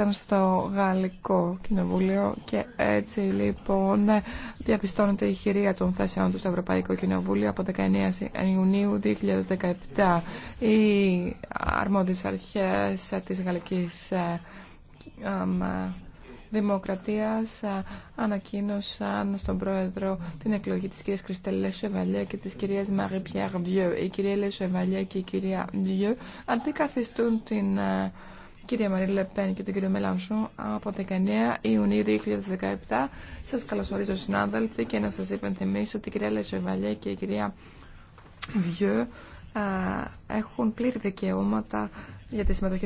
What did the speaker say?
ήταν στο Γαλλικό Κοινοβούλιο και έτσι λοιπόν διαπιστώνεται η χειρία των θέσεων του στο Ευρωπαϊκό Κοινοβούλιο από 19 Ιουνίου 2017. Οι αρμόδιες αρχές της Γαλλικής ε, Δημοκρατίας ε, ανακοίνωσαν στον Πρόεδρο την εκλογή της κυρίας Κριστέλ Λεσεβαλιέ και της κυρίας Μαρή Πιέρ Η κυρία Λεσεβαλιέ και η κυρία Διού αντικαθιστούν την ε, κυρία Μαρή Λεπέν και τον κύριο Μελάνσου, από 19 Ιουνίου 2017. Σας καλωσορίζω συνάδελφοι και να σας υπενθυμίσω ότι η κυρία Λεζεβαλιέ και η κυρία Βιού ε, έχουν πλήρη δικαιώματα για τη συμμετοχή